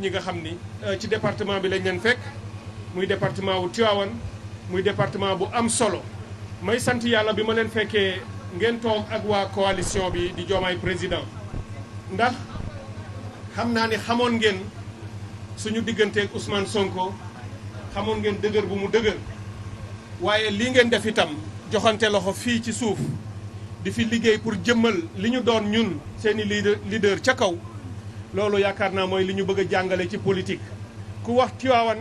ñi nga xam ni euh, ci département bi lañ leen fekk muy département wu Tivaouane muy département bu am solo may sant yàlla bi ma leen fekkee ngeen toog ak waa coalition bi di Diomaye président ndax xam naa ni xamoon ngeen suñu digganteeg Ousmane Sonko xamoon ngeen dëgër bu mu dëgër waaye lii ngeen def itam joxante loxo fii ci suuf di fi liggéey pour jëmmal li ñu doon ñun seeni leader leader ca kaw loolu yaakaar naa mooy li ñu bëgg a jàngale ci politique ku wax Tiwaawan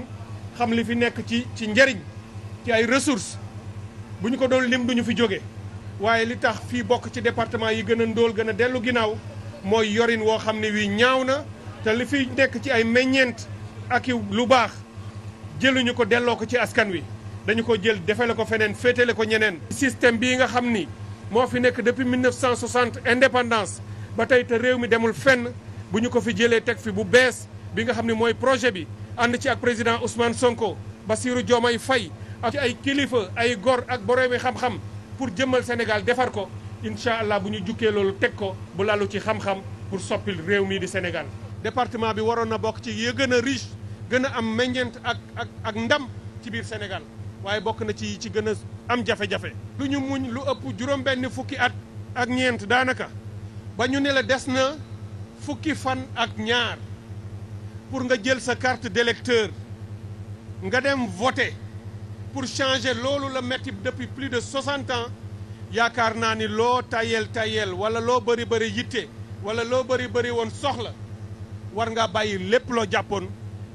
xam li fi nekk ci ci njëriñ ci ay ressources bu ñu ko doon lim duñu fi jóge waaye li tax fii bokk ci département yi gën a ndóol gën a dellu ginnaaw mooy yorin woo xam ne wii ñaaw na te li fi nekk ci ay meññeent ak lu baax jëluñu ko delloo ko ci askan wi dañu ko jël defale ko feneen féetale ko ñeneen système bi nga xam ni moo fi nekk depuis 1960 indépendance ba tey te réew mi demul fenn bu ñu ko fi jëlee teg fi bu bees bi nga xam ne mooy projet bi ànd ci ak président Ousmane Sonko Bassirou Diomaye Faye ak ay kilifa ay gor ak boroomi xam-xam pour jëmmal Sénégal defar ko incha allah bu ñu jukkee loolu teg ko bu lalu ci xam-xam pour soppil réew mii di Sénégal. département bi waroon na bokk ci yi gën a riche gën a am meññeent ak ak ak ndam ci biir Sénégal waaye bokk na ci ci gën a am jafe-jafe. lu ñu muñ lu ëpp juróom-benn fukki at ak ñeent daanaka ba des na. fukki fan ak ñaar pour nga jël sa carte d'électeur nga dem voter pour changé loolu la metti depuis plus de 60 ans yaakaar naa ni loo tayel tayel wala loo bëri bëri yitte wala loo bari bëri woon soxla war nga bàyyi lépp loo jàppoon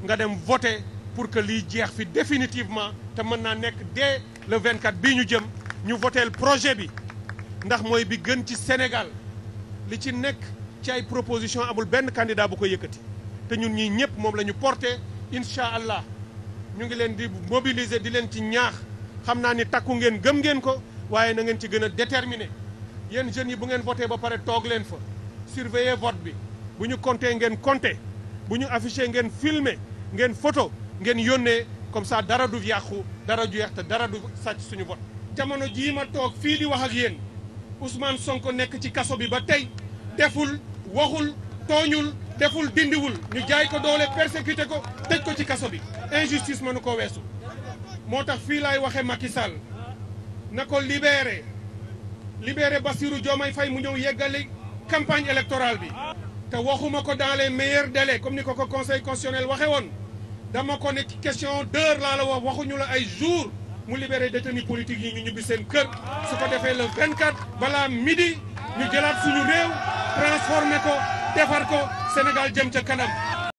nga dem voter pour que lii jeex fi définitivement te mën naa nekk dès le 24 bii ñu jëm ñu voteel projet bi ndax mooy bi gën ci Sénégal li ci nekk ci ay proposition amul benn candidat bu ko yëkkati te ñun nii ñëpp moom la ñu porté incha allah ñu ngi leen di mobiliser di leen ci ñaax xam naa ni takku ngeen gëm ngeen ko waaye na ngeen ci gën a déterminé yéen jeunes yi bu ngeen voté ba pare toog leen fa surveiller vote bi bu ñu compté ngeen compté bu ñu affiché ngeen filmé ngeen photo ngeen yónnee comme ça dara du yàqu dara du yeex te dara du sàcc suñu vote jamono jii ma toog fii di wax ak yéen Ousmane Sonko nekk ci kaso bi ba tey deful waxul tooñul deful dindiwul ñu jaay ko doole persécuté ko tëj ko ci kaso bi injustice mënu ko weesu moo tax fii laay waxee Macky Sall na ko libéré libéré Bassirou Diomaye Faye mu ñëw yeggali campagne électorale bi te waxuma ko dans les meilleurs comme ni ko ko conseil constitutionnel waxee woon dama ko ne question d'heure laa la wax waxuñu la ay jours mu libéré détenus politiques yi ñu ñibbi seen kër su ko defee le 24 balaa midi ñu jëlaat suñu réew transformé ko defar ko Sénégal jëm ca kanam